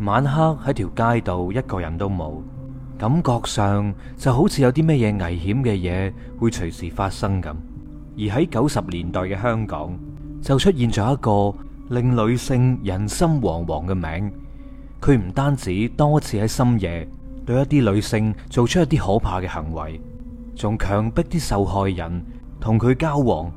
晚黑喺條街度一個人都冇，感覺上就好似有啲咩嘢危險嘅嘢會隨時發生咁。而喺九十年代嘅香港，就出現咗一個令女性人心惶惶嘅名。佢唔單止多次喺深夜對一啲女性做出一啲可怕嘅行為，仲強迫啲受害人同佢交往。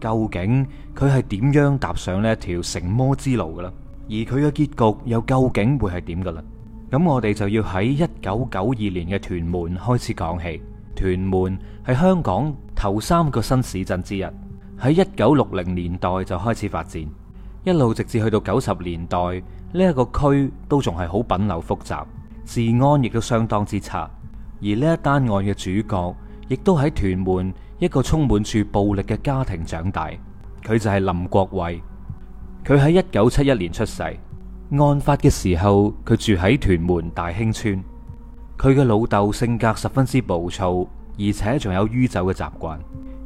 究竟佢係點樣踏上呢一條成魔之路嘅呢？而佢嘅結局又究竟會係點噶啦？咁我哋就要喺一九九二年嘅屯門開始講起。屯門係香港頭三個新市鎮之一，喺一九六零年代就開始發展，一路直至去到九十年代呢一個區都仲係好品流複雜，治安亦都相當之差。而呢一單案嘅主角，亦都喺屯門一個充滿住暴力嘅家庭長大，佢就係林國偉。佢喺一九七一年出世，案發嘅時候，佢住喺屯門大興村。佢嘅老豆性格十分之暴躁，而且仲有酗酒嘅習慣，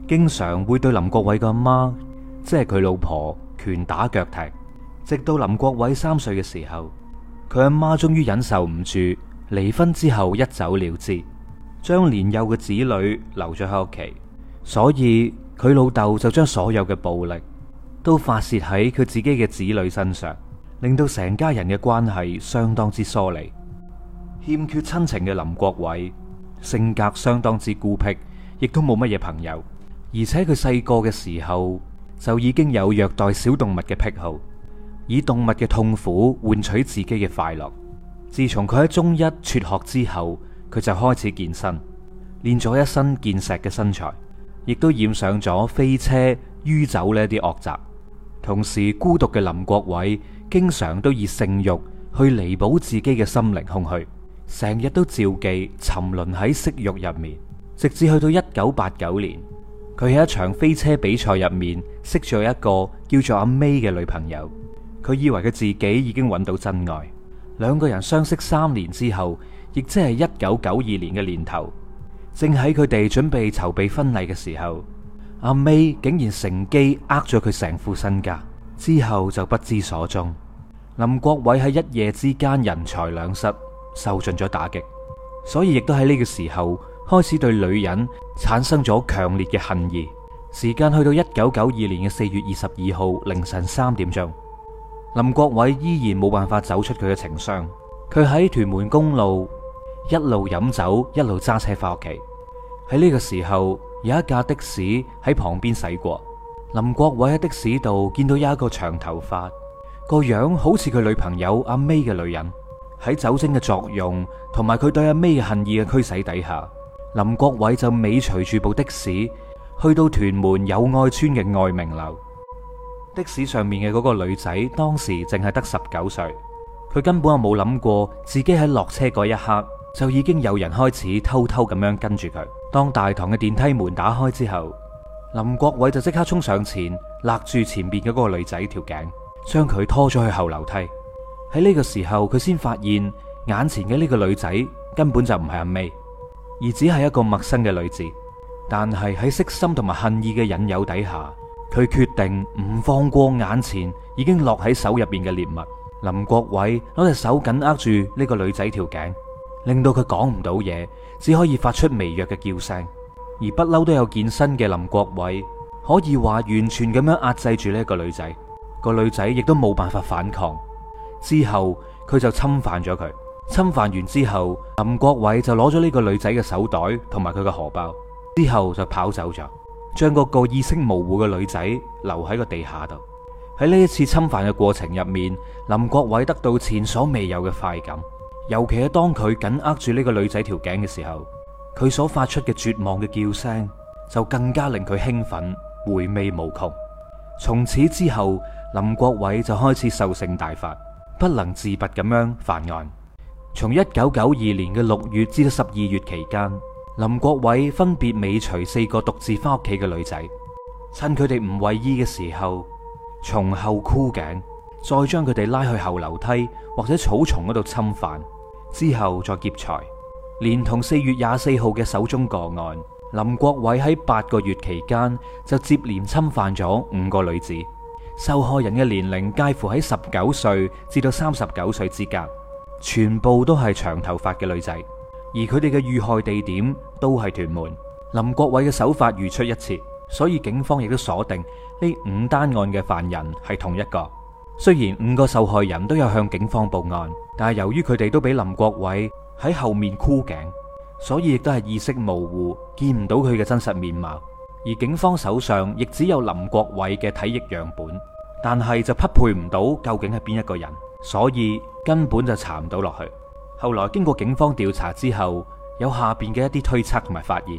經常會對林國偉嘅阿媽，即係佢老婆，拳打腳踢。直到林國偉三歲嘅時候，佢阿媽終於忍受唔住，離婚之後一走了之，將年幼嘅子女留咗喺屋企，所以佢老豆就將所有嘅暴力，都發洩喺佢自己嘅子女身上，令到成家人嘅關係相當之疏離，欠缺親情嘅林國偉性格相當之孤僻，亦都冇乜嘢朋友。而且佢細個嘅時候就已經有虐待小動物嘅癖好，以動物嘅痛苦換取自己嘅快樂。自從佢喺中一輟學之後，佢就開始健身，練咗一身健碩嘅身材，亦都染上咗飛車、酗酒呢啲惡習。同時，孤獨嘅林國偉經常都以性慾去彌補自己嘅心靈空虛，成日都照記沉淪喺色慾入面，直至去到一九八九年，佢喺一場飛車比賽入面識咗一個叫做阿 May 嘅女朋友，佢以為佢自己已經揾到真愛。兩個人相識三年之後，亦即係一九九二年嘅年頭，正喺佢哋準備籌備婚禮嘅時候。阿妹竟然乘機呃咗佢成副身家，之後就不知所蹤。林國偉喺一夜之間人財兩失，受盡咗打擊，所以亦都喺呢個時候開始對女人產生咗強烈嘅恨意。時間去到一九九二年嘅四月二十二號凌晨三點鐘，林國偉依然冇辦法走出佢嘅情傷。佢喺屯門公路一路飲酒，一路揸車翻屋企。喺呢個時候，有一架的士喺旁邊駛過。林國偉喺的，的士度見到有一個長頭髮個樣，好似佢女朋友阿 May 嘅女人。喺酒精嘅作用同埋佢對阿 May 恨意嘅驅使底下，林國偉就尾隨住部的士去到屯門友愛村嘅愛明樓。的士上面嘅嗰個女仔當時淨係得十九歲，佢根本就冇諗過自己喺落車嗰一刻就已經有人開始偷偷咁樣跟住佢。當大堂嘅電梯門打開之後，林國偉就即刻衝上前，勒住前面嘅嗰個女仔條頸，將佢拖咗去後樓梯。喺呢個時候，佢先發現眼前嘅呢個女仔根本就唔係阿 May，而只係一個陌生嘅女子。但係喺色心同埋恨意嘅引誘底下，佢決定唔放過眼前已經落喺手入邊嘅獵物。林國偉攞隻手緊握住呢個女仔條頸。令到佢講唔到嘢，只可以發出微弱嘅叫聲，而不嬲都有健身嘅林國偉，可以話完全咁樣壓制住呢個女仔，個女仔亦都冇辦法反抗。之後佢就侵犯咗佢，侵犯完之後，林國偉就攞咗呢個女仔嘅手袋同埋佢嘅荷包，之後就跑走咗，將個個意識模糊嘅女仔留喺個地下度。喺呢一次侵犯嘅過程入面，林國偉得到前所未有嘅快感。尤其係當佢緊握住呢個女仔條頸嘅時候，佢所發出嘅絕望嘅叫聲，就更加令佢興奮，回味無窮。從此之後，林國偉就開始獸性大發，不能自拔咁樣犯案。從一九九二年嘅六月至到十二月期間，林國偉分別尾隨四個獨自翻屋企嘅女仔，趁佢哋唔為意嘅時候，從後箍頸。再將佢哋拉去後樓梯或者草叢嗰度侵犯之後再劫財。連同四月廿四號嘅首宗個案，林國偉喺八個月期間就接連侵犯咗五個女子，受害人嘅年齡介乎喺十九歲至到三十九歲之間，全部都係長頭髮嘅女仔，而佢哋嘅遇害地點都係屯門。林國偉嘅手法如出一轍，所以警方亦都鎖定呢五單案嘅犯人係同一個。雖然五個受害人都有向警方報案，但係由於佢哋都俾林國偉喺後面箍頸，所以亦都係意識模糊，見唔到佢嘅真實面貌。而警方手上亦只有林國偉嘅體液樣本，但係就匹配唔到究竟係邊一個人，所以根本就查唔到落去。後來經過警方調查之後，有下邊嘅一啲推測同埋發現，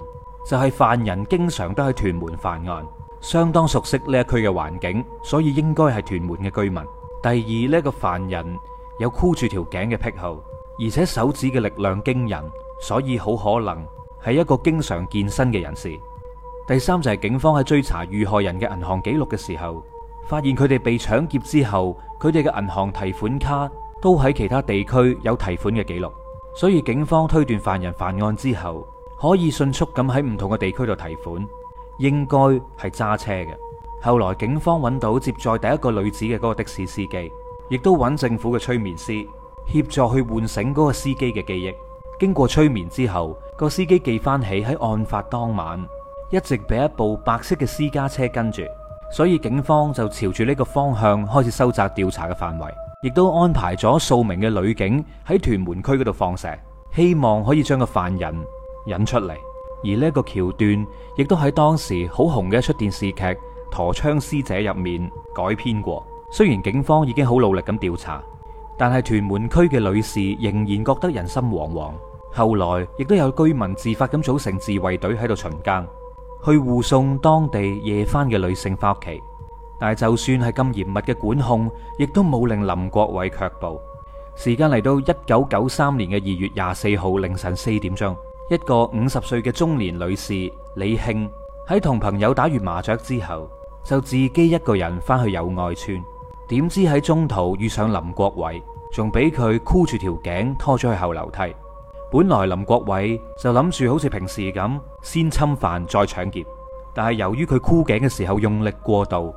就係犯人經常都喺屯門犯案。相當熟悉呢一區嘅環境，所以應該係屯門嘅居民。第二，呢一個犯人有箍住條頸嘅癖好，而且手指嘅力量驚人，所以好可能係一個經常健身嘅人士。第三就係警方喺追查遇害人嘅銀行記錄嘅時候，發現佢哋被搶劫之後，佢哋嘅銀行提款卡都喺其他地區有提款嘅記錄，所以警方推斷犯人犯案之後，可以迅速咁喺唔同嘅地區度提款。應該係揸車嘅。後來警方揾到接載第一個女子嘅嗰個的士司機，亦都揾政府嘅催眠師協助去喚醒嗰個司機嘅記憶。經過催眠之後，個司機記翻起喺案發當晚一直俾一部白色嘅私家車跟住，所以警方就朝住呢個方向開始收窄調查嘅範圍，亦都安排咗數名嘅女警喺屯門區嗰度放蛇，希望可以將個犯人引出嚟。而呢一個橋段亦都喺當時好紅嘅一齣電視劇《陀槍師姐》入面改編過。雖然警方已經好努力咁調查，但係屯門區嘅女士仍然覺得人心惶惶。後來亦都有居民自發咁組成自衛隊喺度巡更，去護送當地夜翻嘅女性返屋企。但係就算係咁嚴密嘅管控，亦都冇令林國偉卻步。時間嚟到一九九三年嘅二月廿四號凌晨四點鐘。一個五十歲嘅中年女士李慶喺同朋友打完麻雀之後，就自己一個人翻去友愛村。點知喺中途遇上林國偉，仲俾佢箍住條頸拖咗去後樓梯。本來林國偉就諗住好似平時咁先侵犯再搶劫，但係由於佢箍頸嘅時候用力過度，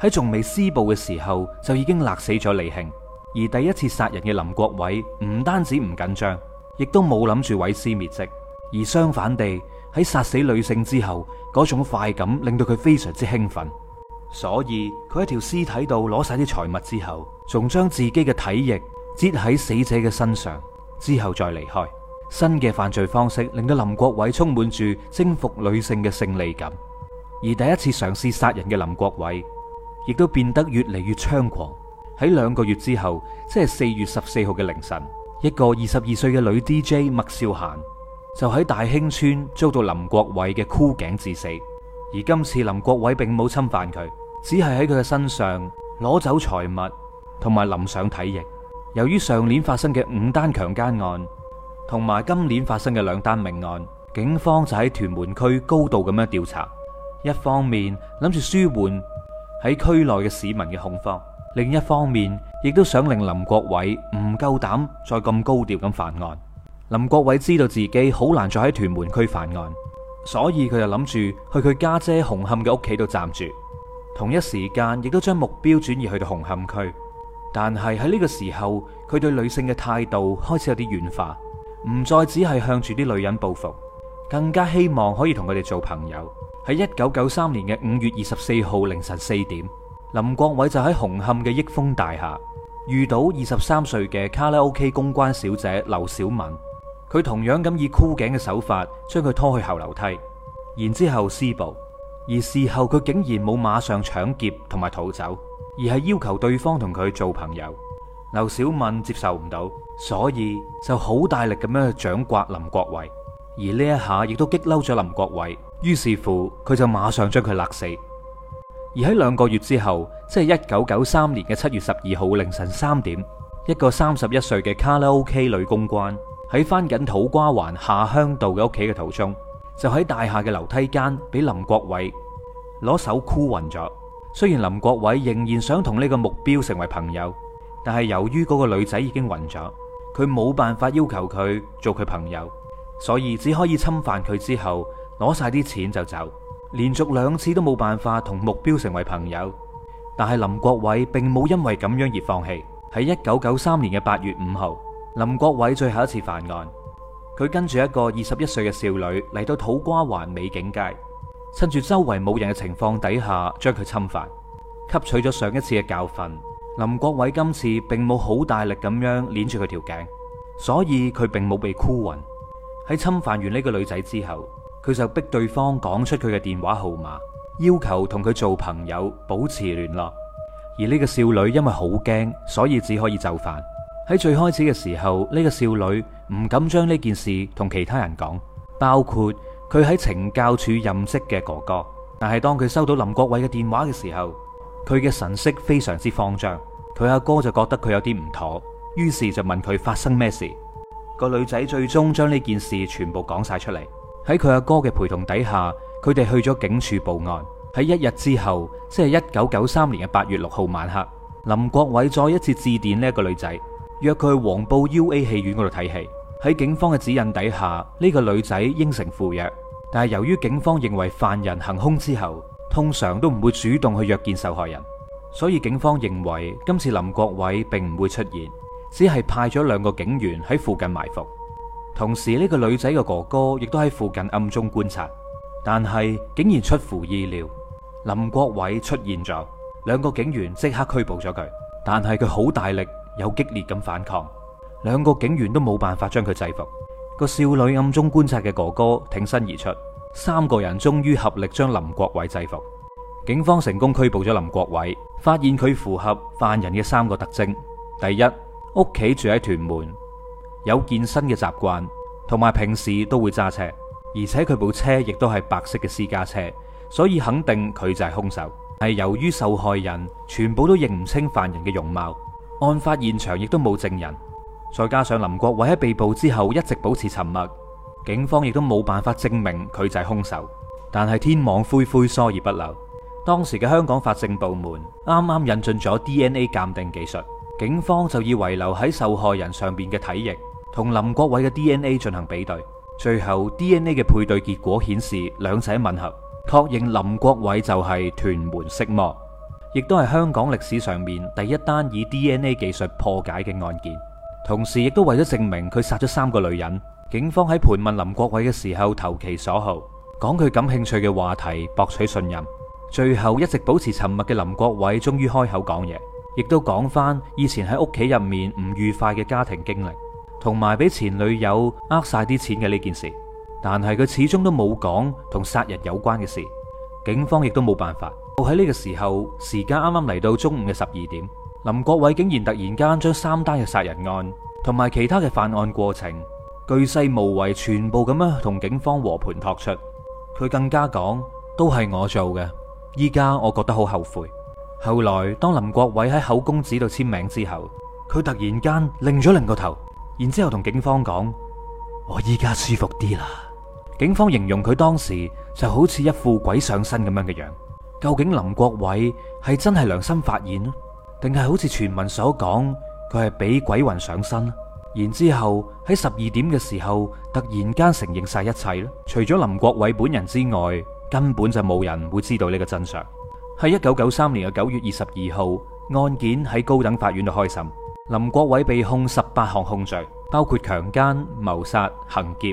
喺仲未施暴嘅時候就已經勒死咗李慶。而第一次殺人嘅林國偉唔單止唔緊張，亦都冇諗住毀屍滅跡。而相反地，喺殺死女性之後，嗰種快感令到佢非常之興奮，所以佢喺條屍體度攞晒啲財物之後，仲將自己嘅體液擠喺死者嘅身上，之後再離開。新嘅犯罪方式令到林國偉充滿住征服女性嘅勝利感，而第一次嘗試殺人嘅林國偉，亦都變得越嚟越猖狂。喺兩個月之後，即係四月十四號嘅凌晨，一個二十二歲嘅女 DJ 麥少嫻。就喺大興村遭到林國偉嘅箍頸致死，而今次林國偉並冇侵犯佢，只係喺佢嘅身上攞走財物同埋淋上體液。由於上年發生嘅五單強姦案，同埋今年發生嘅兩單命案，警方就喺屯門區高度咁樣調查，一方面諗住舒緩喺區內嘅市民嘅恐慌，另一方面亦都想令林國偉唔夠膽再咁高調咁犯案。林國偉知道自己好難再喺屯門區犯案，所以佢就諗住去佢家姐紅磡嘅屋企度暫住，同一時間亦都將目標轉移去到紅磡區。但係喺呢個時候，佢對女性嘅態度開始有啲軟化，唔再只係向住啲女人報復，更加希望可以同佢哋做朋友。喺一九九三年嘅五月二十四號凌晨四點，林國偉就喺紅磡嘅益豐大廈遇到二十三歲嘅卡拉 OK 公關小姐劉小敏。佢同樣咁以箍頸嘅手法將佢拖去後樓梯，然之後施暴。而事後佢竟然冇馬上搶劫同埋逃走，而係要求對方同佢做朋友。劉小敏接受唔到，所以就好大力咁樣去掌摑林國偉。而呢一下亦都激嬲咗林國偉，於是乎佢就馬上將佢勒死。而喺兩個月之後，即係一九九三年嘅七月十二號凌晨三點，一個三十一歲嘅卡拉 OK 女公關。喺翻緊土瓜灣下鄉道嘅屋企嘅途中，就喺大廈嘅樓梯間俾林國偉攞手箍暈咗。雖然林國偉仍然想同呢個目標成為朋友，但係由於嗰個女仔已經暈咗，佢冇辦法要求佢做佢朋友，所以只可以侵犯佢之後攞晒啲錢就走。連續兩次都冇辦法同目標成為朋友，但係林國偉並冇因為咁樣而放棄。喺一九九三年嘅八月五號，林國偉最後一次犯案，佢跟住一個二十一歲嘅少女嚟到土瓜灣美景街，趁住周圍冇人嘅情況底下，將佢侵犯。吸取咗上一次嘅教訓，林國偉今次並冇好大力咁樣捏住佢條頸，所以佢並冇被箍暈。喺侵犯完呢個女仔之後，佢就逼對方講出佢嘅電話號碼，要求同佢做朋友，保持聯絡。而呢個少女因為好驚，所以只可以就範。喺最開始嘅時候，呢、這個少女唔敢將呢件事同其他人講，包括佢喺懲教署任職嘅哥哥。但係當佢收到林國偉嘅電話嘅時候，佢嘅神色非常之慌張。佢阿哥，哥就覺得佢有啲唔妥，於是就問佢發生咩事。個女仔最終將呢件事全部講晒出嚟。喺佢阿哥嘅陪同底下，佢哋去咗警署報案。喺一日之後，即係一九九三年嘅八月六號晚黑，林國偉再一次致電呢一個女仔。約佢去黃埔 UA 戲院嗰度睇戲。喺警方嘅指引底下，呢個女仔應承赴約。但係由於警方認為犯人行凶之後，通常都唔會主動去約見受害人，所以警方認為今次林國偉並唔會出現，只係派咗兩個警員喺附近埋伏。同時呢個女仔嘅哥哥亦都喺附近暗中觀察。但係竟然出乎意料，林國偉出現咗，兩個警員即刻拘捕咗佢。但係佢好大力。有激烈咁反抗，兩個警員都冇辦法將佢制服。個少女暗中觀察嘅哥哥挺身而出，三個人終於合力將林國偉制服。警方成功拘捕咗林國偉，發現佢符合犯人嘅三個特徵：第一，屋企住喺屯門，有健身嘅習慣，同埋平時都會揸車，而且佢部車亦都係白色嘅私家車，所以肯定佢就係凶手。係由於受害人全部都認唔清犯人嘅容貌。案發現場亦都冇證人，再加上林國偉喺被捕之後一直保持沉默，警方亦都冇辦法證明佢就係兇手。但係天網恢恢疏而不漏，當時嘅香港法政法證部門啱啱引進咗 DNA 鑑定技術，警方就以遺留喺受害人上邊嘅體液同林國偉嘅 DNA 進行比對，最後 DNA 嘅配對結果顯示兩者吻合，確認林國偉就係屯門色魔。亦都係香港歷史上面第一單以 DNA 技術破解嘅案件，同時亦都為咗證明佢殺咗三個女人，警方喺盤問林國偉嘅時候投其所好，講佢感興趣嘅話題博取信任。最後一直保持沉默嘅林國偉終於開口講嘢，亦都講返以前喺屋企入面唔愉快嘅家庭經歷，同埋俾前女友呃晒啲錢嘅呢件事。但係佢始終都冇講同殺人有關嘅事，警方亦都冇辦法。就喺呢個時候，時間啱啱嚟到中午嘅十二點，林國偉竟然突然間將三單嘅殺人案同埋其他嘅犯案過程巨細無遺，全部咁樣同警方和盤托出。佢更加講，都係我做嘅，依家我覺得好後悔。後來當林國偉喺口供紙度簽名之後，佢突然間擰咗擰個頭，然之後同警方講，我依家舒服啲啦。警方形容佢當時就好似一副鬼上身咁樣嘅樣。究竟林國偉係真係良心發現咧，定係好似傳聞所講，佢係俾鬼魂上身？然之後喺十二點嘅時候，突然間承認晒一切咧。除咗林國偉本人之外，根本就冇人會知道呢個真相。喺一九九三年嘅九月二十二號，案件喺高等法院度開審，林國偉被控十八項控罪，包括強姦、謀殺、行劫。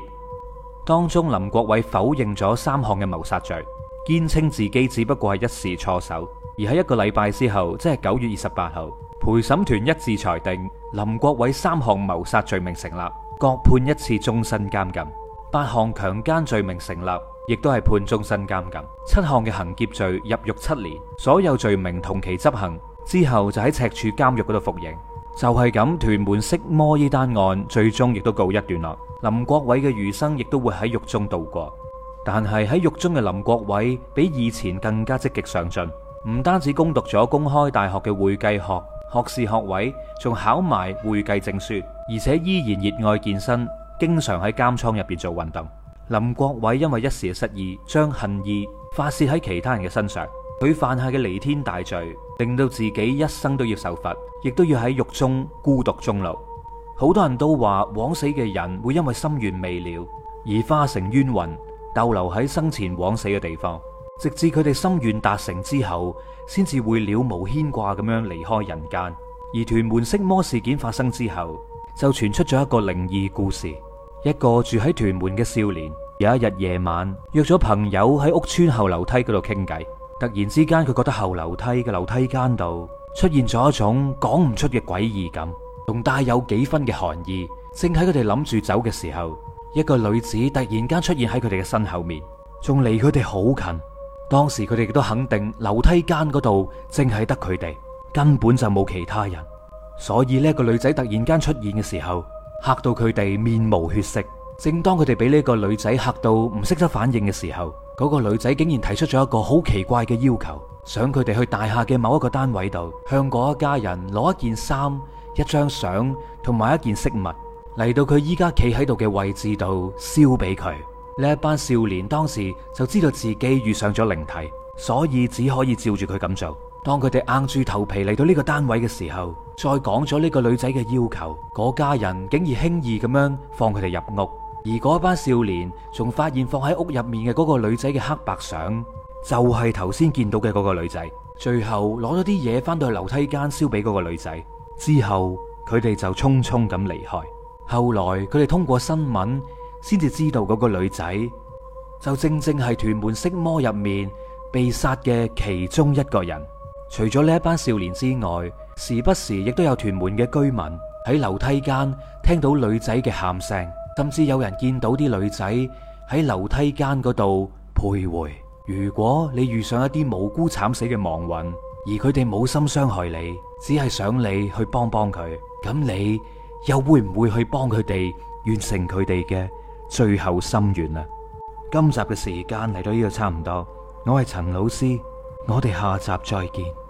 當中林國偉否認咗三項嘅謀殺罪。堅稱自己只不過係一時錯手，而喺一個禮拜之後，即係九月二十八號，陪審團一致裁定林國偉三項謀殺罪名成立，各判一次終身監禁；八項強姦罪名成立，亦都係判終身監禁；七項嘅行劫罪入獄七年，所有罪名同期執行之後就喺赤柱監獄嗰度服刑。就係咁，屯門色魔呢單案最終亦都告一段落。林國偉嘅餘生亦都會喺獄中度過。但係喺獄中嘅林國偉比以前更加積極上進，唔單止攻讀咗公開大學嘅會計學學士學位，仲考埋會計證書，而且依然熱愛健身，經常喺監倉入邊做運動。林國偉因為一時失意，將恨意發洩喺其他人嘅身上，佢犯下嘅彌天大罪，令到自己一生都要受罰，亦都要喺獄中孤獨終老。好多人都話，枉死嘅人會因為心願未了而化成冤魂。逗留喺生前枉死嘅地方，直至佢哋心願達成之後，先至會了無牽掛咁樣離開人間。而屯門色魔事件發生之後，就傳出咗一個靈異故事，一個住喺屯門嘅少年，有一日夜晚約咗朋友喺屋邨後樓梯嗰度傾偈，突然之間佢覺得後樓梯嘅樓梯間度出現咗一種講唔出嘅詭異感，同帶有幾分嘅寒意。正喺佢哋諗住走嘅時候。一個女子突然間出現喺佢哋嘅身後面，仲離佢哋好近。當時佢哋亦都肯定樓梯間嗰度正係得佢哋，根本就冇其他人。所以呢個女仔突然間出現嘅時候，嚇到佢哋面無血色。正當佢哋俾呢個女仔嚇到唔識得反應嘅時候，嗰個女仔竟然提出咗一個好奇怪嘅要求，想佢哋去大廈嘅某一個單位度，向嗰一家人攞一件衫、一張相同埋一件飾物。嚟到佢依家企喺度嘅位置度燒俾佢呢一班少年，當時就知道自己遇上咗靈體，所以只可以照住佢咁做。當佢哋硬住頭皮嚟到呢個單位嘅時候，再講咗呢個女仔嘅要求，嗰家人竟然輕易咁樣放佢哋入屋，而嗰班少年仲發現放喺屋入面嘅嗰個女仔嘅黑白相就係頭先見到嘅嗰個女仔。最後攞咗啲嘢翻到去樓梯間燒俾嗰個女仔之後，佢哋就匆匆咁離開。後來佢哋通過新聞先至知道嗰個女仔就正正係屯門色魔入面被殺嘅其中一個人。除咗呢一班少年之外，時不時亦都有屯門嘅居民喺樓梯間聽到女仔嘅喊聲，甚至有人見到啲女仔喺樓梯間嗰度徘徊。如果你遇上一啲無辜慘死嘅亡魂，而佢哋冇心傷害你，只係想你去幫幫佢，咁你。又會唔會去幫佢哋完成佢哋嘅最後心願啊？今集嘅時間嚟到呢度差唔多，我係陳老師，我哋下集再見。